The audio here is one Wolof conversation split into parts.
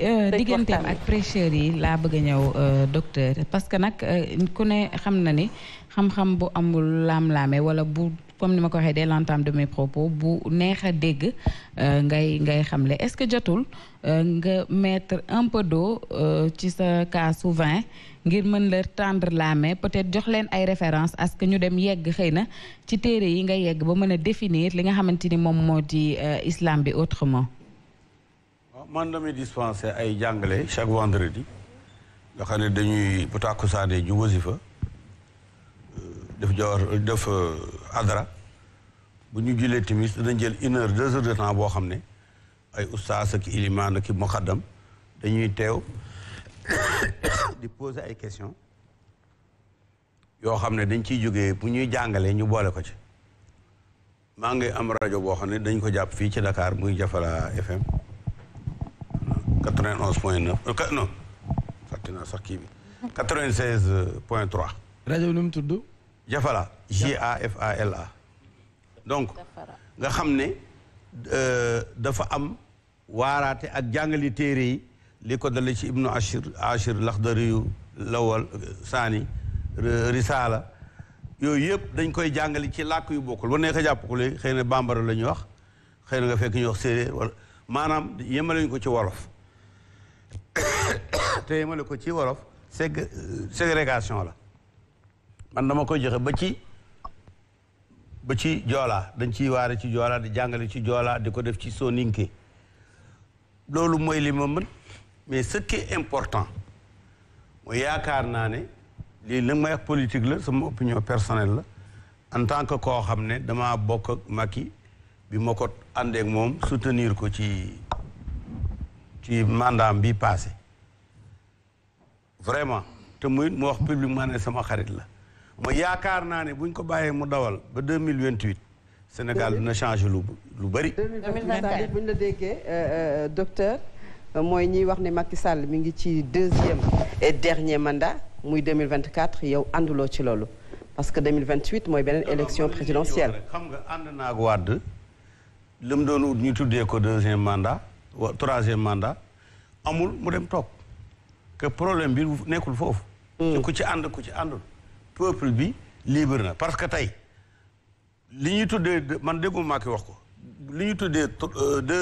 Euh, ci digganteem ak prêcheurs yi laa bëgg a ñëw euh, docteur parce que nag euh, ku ne xam na ni xam-xam bu amul laam-laame wala bu comme ni ma ko waxee dès l'entame de propos bu neex a dégg ngay ngay xamle est-ce que jotul nga mettre un peu d'eau ci sa cas souvent ngir mën la tendre la peut-être jox leen ay références à que ñu dem yegg xëy na ci téere yi nga yegg ba mën a définir li nga xamante ni moom moo di islam bi autrement man damay dispensé ay jàngale chaque vendredi nga xam ne dañuy bu tàkkusaane ju wasifa euh, def jawar def euh, adra bu ñu jullee timis danañ jël uneur heure deux heures de temps boo xam ne ay ustaas ak ilimaan ak muqaddam dañuy teew di poser ay questions yoo xam ne dañ ciy jógee bu ñuy jàngalee ñu boole ko ci maa ngi am rajo boo xam ne dañ ko jàpp fii ci Dakar muy Jafara FM 91 point 9 euh, non fàtte naa sax kii bi 96 point 3. rajo bi nu tudd. Jafala J A F donc nga xam ne euh, dafa am waaraate ak jàngali téere yi li ko dale ci ibnu Ashir Ashir yu Lawal Saani Risaala yooyu yëpp dañ koy jàngale ci làkk yu bokkul ba nekk jàpp ko léegi xëy na bambara la ñuy wax xëy na nga fekk ñu wax séeréer wala maanaam yemale ñu ko ci wolof. ma yemale ko ci wolof ségg ségrégation la man dama koy joxe ba ci ba ci joolaa dañ ciy waare ci joolaa di jàngale ci joolaa di ko def ci soo soninke loolu mooy lii ma mën mais ce est important mooy yaakaar naa ne lii la ma wax politique la sama opinion personnelle la en tant que koo xam ne dama bokk ak Macky bi ma ko àndeek moom soutenir ko ci ci mandat bi passé vraiment te muy mu wax publiquement ne sama xarit la ma yaakaar naa ne buñ ko bàyyee mu dawal ba deux mille vingt huit Sénégal dina changé lu lu bëri. deux mille la déggee euh, euh, docteur mooy ñuy wax ni Macky Sall mi ngi ci deuxième et dernier mandat muy deux mille vingt quatre yow ànduloo ci loolu parce que deux mille vingt huit mooy beneen élection présidentielle. xam nga ànd naa ak Wade doon ut ñu tuddee ko deuxième mandat wa troisième mandat amul mu dem toog. problème bi nekkul foofu. Mm. te ku ci ànd ku ci àndul. peuple bi libre na parce que tey li ñuy tuddee man déggu maa ki wax ko li ñuy tuddee euh, de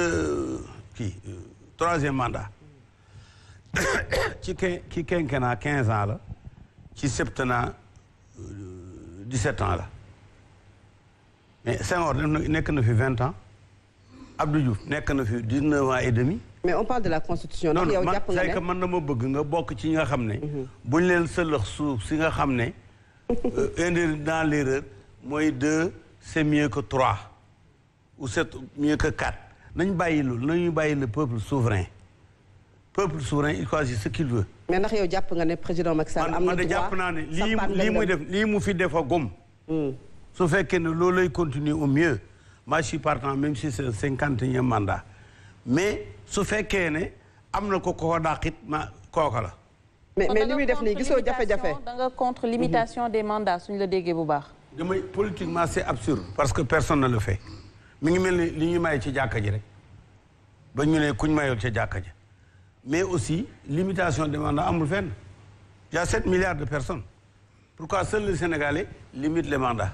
kii euh, troisième mandat ci quin ci quinquennat quinze ans la ci septennat euh, dix-sept ans la mais Senghor nekk na fi vingt ans Abdou Diouf nekk na fi dix-neuf ans et demi. mais on parle de la constitution. non yow jàpp nga ne que man na bëgg nga bokk ci nga xam ne. Mhm. bu ñu leen sëlëx suuf si nga xam ne. Euh, indi dans l'erreur mooy deux c'est mieux que trois ou c'est mieux que quatre nañ bàyyi loolu nañu bàyyi le peuple souverain peuple souverain il choisit ce qu'il veut. mais ndax yow jàpp nga ne président Macky Sall am na droit man de jàpp naa ne lii lii def lii mu fi defa gom. Mm. su fekkee ne loolu lay continuer au mieux moi je suis si c'est cinquante et un mais su fekkee ne am na ko ko dàqit ma kooka la. mais mais li muy def nii gisoo jafe-jafe. da nga contre limitation des mandats suñu la déggee bu baax. damay politiquement c'est absurde. parce que personne ne le fait mi ngi mel ni li ñuy maye ci jàkka ji rek ba ñu ne kuñ mayol ci jàkka ji mais aussi limitation des mandats amul fenn y a 7 de personnes pourquoi seuls les Sénégalais limitent les mandats.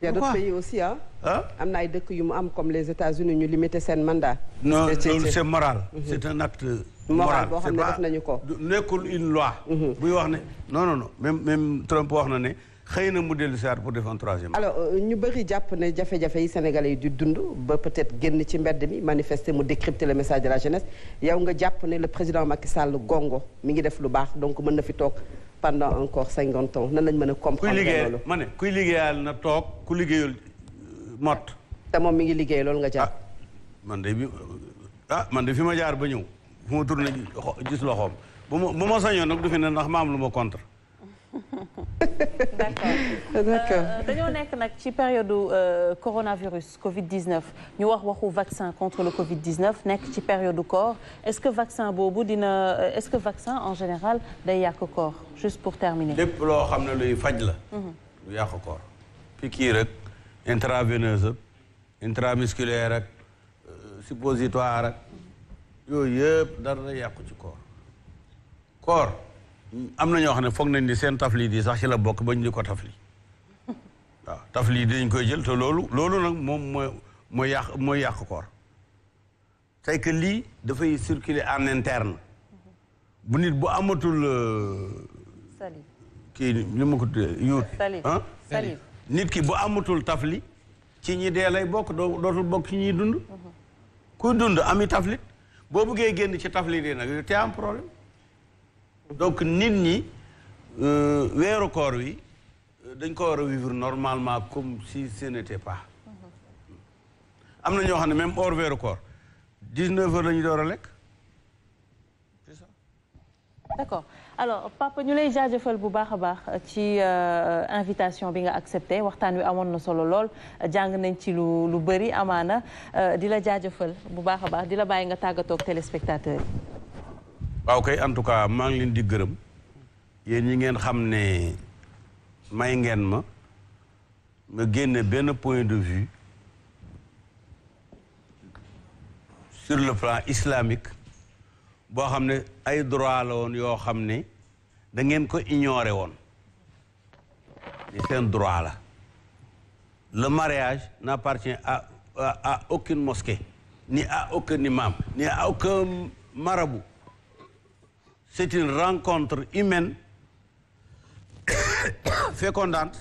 ya y a d'autres aussi am na ay dëkk yu mu am comme les États-Unis ñu limité seen mandat. non loolu c'est moral. Mhm. c'est un acte moral boo xam ne def nañu ko. nekkul une loi. Mhm. buy wax ne non non non même même Trump wax na ne. xëy na mu dellu si pour def un troisième. alors euh, ñu bëri jàpp ne jafe-jafe yi Sénégalais yi di dund ba peut-être génn ci mbedd mi manifester mu décrypter le message de la jeunesse yow nga jàpp ne le président Macky Sall gongo mi ngi def lu baax donc mën na fi toog. pendant encore cinquante ans nan lañ mën a comprendre loolu ma ne kuy liggéeyal na toog ku liggéeyul euh, mott te moom mi ngi liggéey loolu nga jàpp ah, man de bi ah man de fi ma jaar ba ñëw fu ma tourné gis loxoom bu ma bu ma sañoon nag du fi ne ndax ma lu ma contre d'accord d'accord euh, dañoo nekk nag ci période euh, coronavirus Covid 19 ñu wax waxu vaccin contre le Covid 19 nekk ci période corps est-ce que vaccin boobu dina euh, est-ce que vaccin en général day yàq corps juste pour terminer. lépp loo xam ne luy faj la. lu mhm. yàq corps. piqûre rek intraveineuse ak intramusculaire ak suppositoire ak yooyu yàqu ci corps corps. am na ñoo xam ne foog nañ ni seen tafli di sax ci la bokk ba ñu di ko tafli waaw tafli dañ koy jël te loolu loolu nag moom mooy mooy yàq mooy yàq koor c'est que lii dafay circuler en interne bu nit bu amatul euh, kii li ma ko nit ki bu amatul tafli ci ñi dee lay bokk dootul bokk ci ñuy dund mhm. kuy dund ami taflit boo bëggee génn ci taflit yi nag te am problème donc nit ñi euh, weeru koor wi euh, dañ ko war a vivre normalement comme si ce n'était pas mm-hmm. am na ñoo xam ne même hors weeru koor dix-neuf heures la ñu door a lekk c'est ça d'accord alors papa ñu lay jaajëfal bu baax a baax ci euh, invitation bi nga accepté waxtaan wi amoon na solo lool jàng nañ ci lu lu bëri amaana di la jaajëfal bu baax a baax di la bàyyi nga tàggatoog téléspectateurs yi waaw kay en tout cas maa ngi leen di gërëm yéen ñi ngeen xam ne may ngeen ma ma génne benn point de vue sur le plan islamique boo xam ne ay droit la woon yoo xam ne da ngeen ko ignoré woon ni seen droit la le mariage n'appartient à à aucune mosquée ni à aucun imam ni à aucun marabout c'est une rencontre humaine fécondante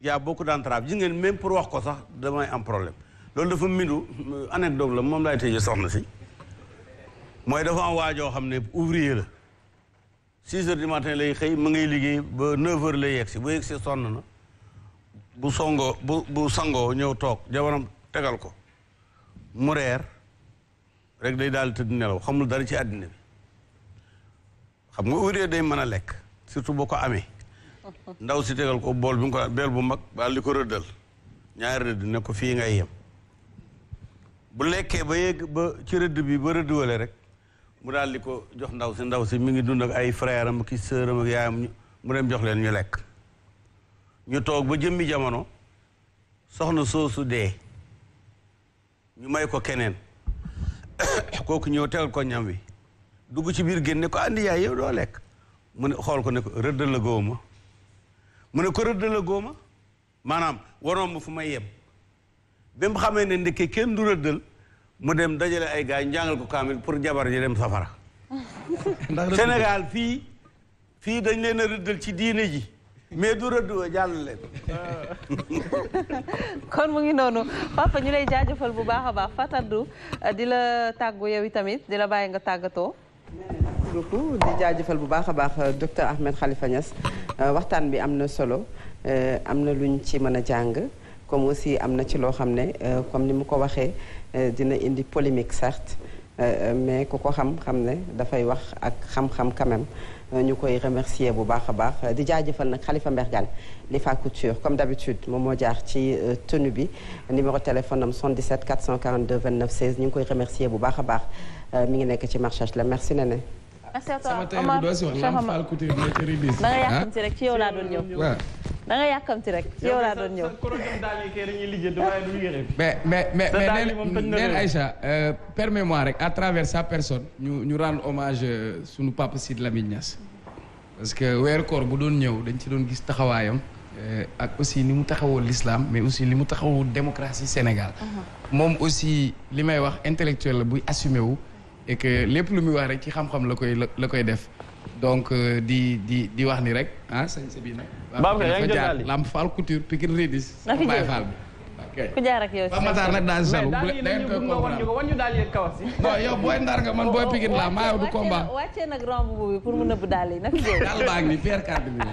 y a beaucoup d'entraves ji ngeen même pour wax ko sax damay am problème loolu dafa mindu anecdote la moom laay tëjee soxna si mooy dafa am waajoo xam ne ouvrier la six heures du matin lay xëy mu ngay liggéey ba neuf heures lay yegsi bu yegsi sonn na bu songoo bu bu sangoo ñëw toog jabaram tegal ko mu reer rek day daal tëdd nelaw xamul dara ci àddina bi xam nga ouvrier day mën a lekk surtout boo ko amee ndaw si tegal ko bool bi nga ko beel bu mag ba li ko rëddal ñaari rëdd ne ko fii ngay yem bu lekkee ba yegg ba ci rëdd bi ba rëdd wale rek mu daal di ko jox ndaw si ndaw si mi ngi dund ak ay frère am ki sœur am ak yaayam mu dem jox leen ñu lekk ñu toog ba jëmmi jamono soxna soosu dee ñu may ko keneen kooku ñëw tegal ko ñam wi dugg ci biir génne ko andi yaay yow doo lekk mu ne xool ko ne ko rëddal la góoma mu ne ko rëddal la góoma maanaam waroon ma fu may yem bi mu xamee ne ndekkee kenn du rëddal mu dem dajale ay gars ñu jàngal ko kaamil pour jabar ji dem safara Sénégal fii fii dañ leen a rëddal ci diine ji mais du rëdd wa jàll leen. kon mu ngi noonu papa ñu lay jaajëfal bu baax a baax Fatou di la tàggu yow itamit di la bàyyi nga tàggatoo. beaucoup di jaajëfal bu baax a baax euh, docteur Ahmed xalifa Niass euh, waxtaan bi am na solo euh, am na luñ ci mën a jàng comme aussi am na ci loo xam ne comme ni mu ko waxee dina indi polémique certes mais ku ko xam xam ne dafay wax ak xam-xam quand même ñu koy remercier bu baax a baax di jaajëfal nag Khalifa Mbergane Lifa Couture comme d'habitude moom moo jaar ci tenue bi numéro téléphone ñu ngi koy remercier bu baax a baax mi ngi nekk ci marchage la merci Néné merci à toi Omar Cheikh Omar da nga yàkkamti rek ci yow laa doon ñëw. waaw da nga yàkkamti rek ci yow laa doon ñëw. mais mais mais mais neen Aïcha euh, permets-moi rek à travers sa personne ñu ñu rendre hommage euh, sunu papa Sidy Lamine Niass. parce que weer koor bu doon ñëw dañ ci doon gis taxawaayam. Euh, ak aussi ni mu taxawoo l'islam mais aussi li mu taxawoo démocratie Sénégal. Uh-huh. moom aussi li may wax intellectuel la buy assumé wu. lépp lu muy wax rek ci xam-xam la koy la koy def donc euh, di di di wax ni rek ah sañ sa bi nag. baax na yaa ngi jël daal faal couture pikir redis. na fi jël Baye bi. ku jaar ak yow ko yow booy ndar nga man booy Pikine laa maa yow du combat. wàccee nag romb boobu pour mu nëbb daal yi nag yow. daal nii per carte bi. ma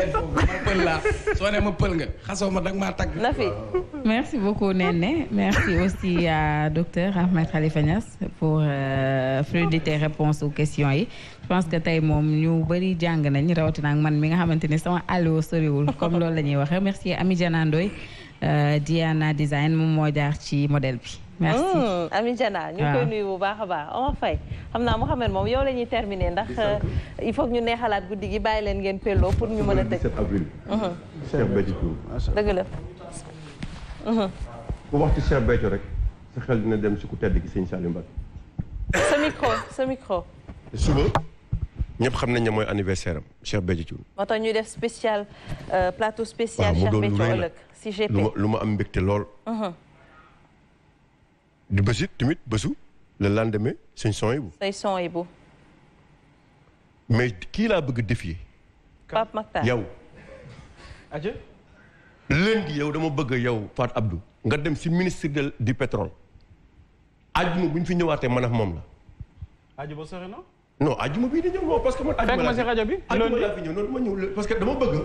pël laa soo ne ma pël nga xasoo ma dag maa tagg. na merci beaucoup Néné merci aussi à docteur Ahmed Khalifa Niass pour euh, fluidité réponse aux yi. je pense moom ñu bëri jàng nañ rawatina man mi nga xamante ne sama allo soriwul comme loolu la waxee merci Ami Diana Ndoye euh, Diana design moom moo jaar ci modèle bi. merci mm, Ami Diana ñu koy nuyu bu baax a baax Omar Faye xam naa Mouhamed moom yow la ñuy terminer ndax euh, il faut que ñu neexalaat guddi gi bàyyi leen ngeen pelloo pour ñu mën a tëj. 17 avril. Mm-hmm. Cheikh Béthio dëgg la. Mm-hmm. ku wax ci Cheikh Béthio rek sa xel dina dem si ku tedd gi sëñ Saliou Mbacké. sa micro sa micro. ñëpp xam nañ ne mooy anniversaire am Cheikh Béthio Thioune. moo ñuy def spécial euh, plateau spécial. Cheikh Béthio ëllëg si GP lu ma lu ma am mbégte lool. Mhm. di bésit tamit bésu le lendemain sëñ son yi bu. yi bu. mais kii laa bëgg a défier. Pape Makhtar yow. adieu. lundi yow dama bëgg yow Fat Abdou. nga dem si ministre di du pétrole. àjjuma bu ñu fi ñëwaatee man ak moom la. àjjuma sori na. no ajuma bi di ñëw non que man. ajuma laa ma bi. ajuma laa fi ñëw noonu parce que dama bëgg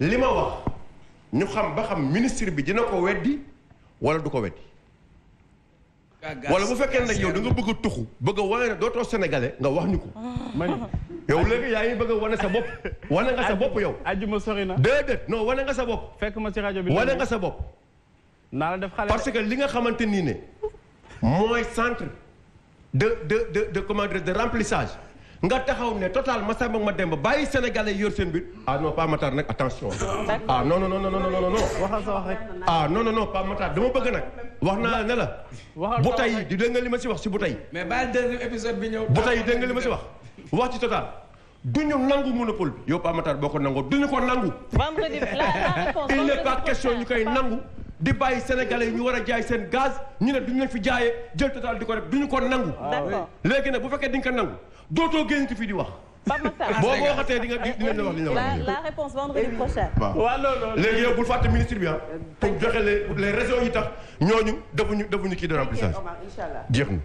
li ma wax ñu xam ba xam ministre bi dina ko weddi wala du ko weddi. wala bu fekkee nag yow da nga bëgg a tuxu bëgg a wane ne dootoo sénégalais nga wax ñu ko. ma yow léegi yaa ngi bëgg a wane sa bopp. wane nga sa bopp yow. ajuma sori na déedéet non wane nga sa bopp. fekk ma si rajo bi wane nga sa bopp. naa la def xale parce que li nga xamante nii ne mooy centre. de de de de comment dire de remplissage nga taxaw ne total Massamba ma dem ba bàyyi sénégalais yor seen biir ah non pas Matar nag attention. ah non non non non non non non. waxal sa wax rek. ah non non non dama bëgg nag. wax naa la ne la. bu tey di dégg li ma si wax si bu tey. mais bàyyi deuxième bu tey dégg ma si wax wax ci total. du ñu nangu monopole bi. yow Paa Matar boo ko nangoo du ñu ko nangu. il n'est pas question ñu koy nangu. di bàyyi sénégalais yi ñu war a jaay seen gaz ñu ne duñu lañ fi jaayee jël total di ko rek bi ñu ko nangu ah, léegi nag bu fekkee di nga ko nangu dootoo génn ci fii di wax boo ko waxatee di nga di ne wax li ñu la la réponse vendredi prochain waaw loolu léegi yow bul fàtte ministre bi ah pour joxe les les raisons yi tax ñooñu defuñu defuñu kii de remplissage jeex na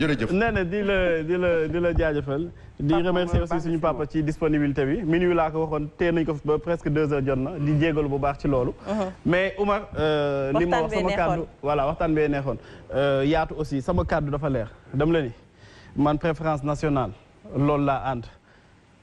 jërëjëf nee na di la di la di la jaajëfal di remercier aussi suñu papa ci disponibilité bi minuit laa ko waxoon tee nañ ko ba presque deux heures jot na di jégalu bu baax ci loolu uh-huh. mais Oumar euh, li ma wax sama kàddu waxtaan bee neexoon euh, yaatu aussi sama kàddu dafa leer dem la ni man préférence nationale loolu laa ànd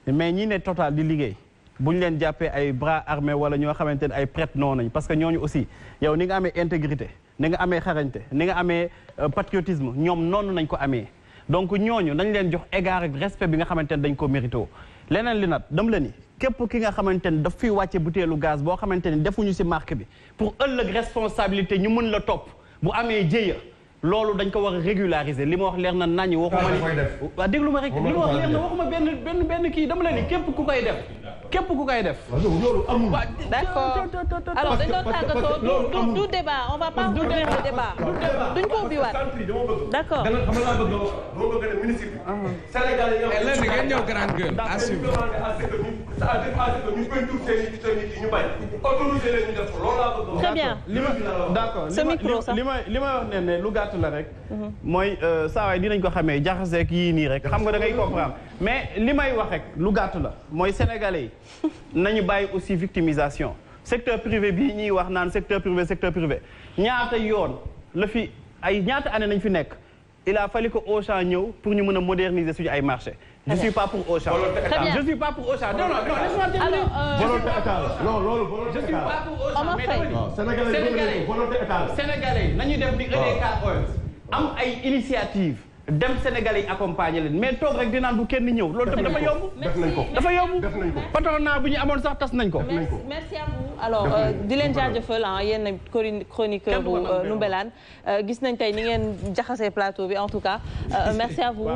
mais ñi ne total di liggéey bu ñu leen jàppee ay bras armés wala ñoo xamante ne ay prête noonu nañ parce que ñooñu aussi yow ni nga amee intégrité ni nga amee xarañte ni nga amee euh, patriotisme ñoom noonu nañ ko amee donc ñooñu nañ leen jox égard ak respect bi nga xamante ne dañ ko mérito leneen li nag dam la ni képp ki nga xamante ne daf fi wàcce butéelu gaz boo xamante ne defuñu si marque bi pour ëllëg responsabilité ñu mën la topp bu amee jéya loolu dañ ko war a régulariser li ma wax leer na nañu waxuma ni waaw déglu ma benn benn kii dama la ni képp ku koy def képp ku koy def. loolu amul. d'accord alors dañ doon tàggatoo du débat on va pas ouvrir le débat. duñ ko ubbiwaat. d'accord. dama laa bëgg a wax ministre bi. Sénégal yi léegi ngeen ñëw grande gueule. assume. très bien. li ma d'accord li ma li ma wax ne ne lu gàtt la rek. Mhm. mooy euh, saa waay dinañ ko xamee jaxaseeg yii nii rek xam nga da ngay comprendre mais li may wax rek lu gàtt la mooy sénégalais yi. nañu bàyyi aussi victimisation secteur privé bi ñuy wax naan secteur privé secteur privé ñaata yoon la fi ay ñaata année nañ fi nekk il fali ko que Auchan ñëw pour ñu mën a moderniser suñu ay marché je suis pas pour Auchan. je suis pas pour Auchan. non non non laisse-moi terminer. volonté état la je suis pas pour Auchan mais Sénégalais Sénégalais nañu def di EDK am ay initiative dem Sénégalais yi accompagner leen mais toog rek dinaan bu kenn ñëw loolu dafa yomb. def nañ bu ñu amoon sax tas nañ ko. merci à vous alors euh, di leen jaajëfal ah yéen chroniqueur bu euh, Ndoumbelane euh, gis nañ tey ni ngeen jaxasee plateau bi en tout cas. merci à vous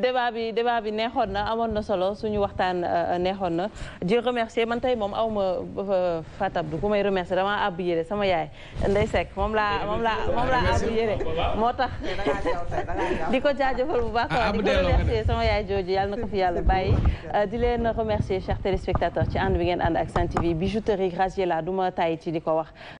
débat bi débat bi neexoon na amoon na solo suñu waxtaan neexoon na. di remercier man tey moom aw ma du ku may remercier damaa àbb yére sama yaay Ndeye Seck moom laa moom laa moom laa àbb yére moo tax. di ko jaajëfal bu baax ah, ah, di ko remercier sama yaay jooju yàlla na ko fi yàlla bàyyi euh, di leen remercier chers téléspectateurs ci ànd bi ngeen ànd ak Sen TV bijouterie Graciela du ma tàyyi ci di ko wax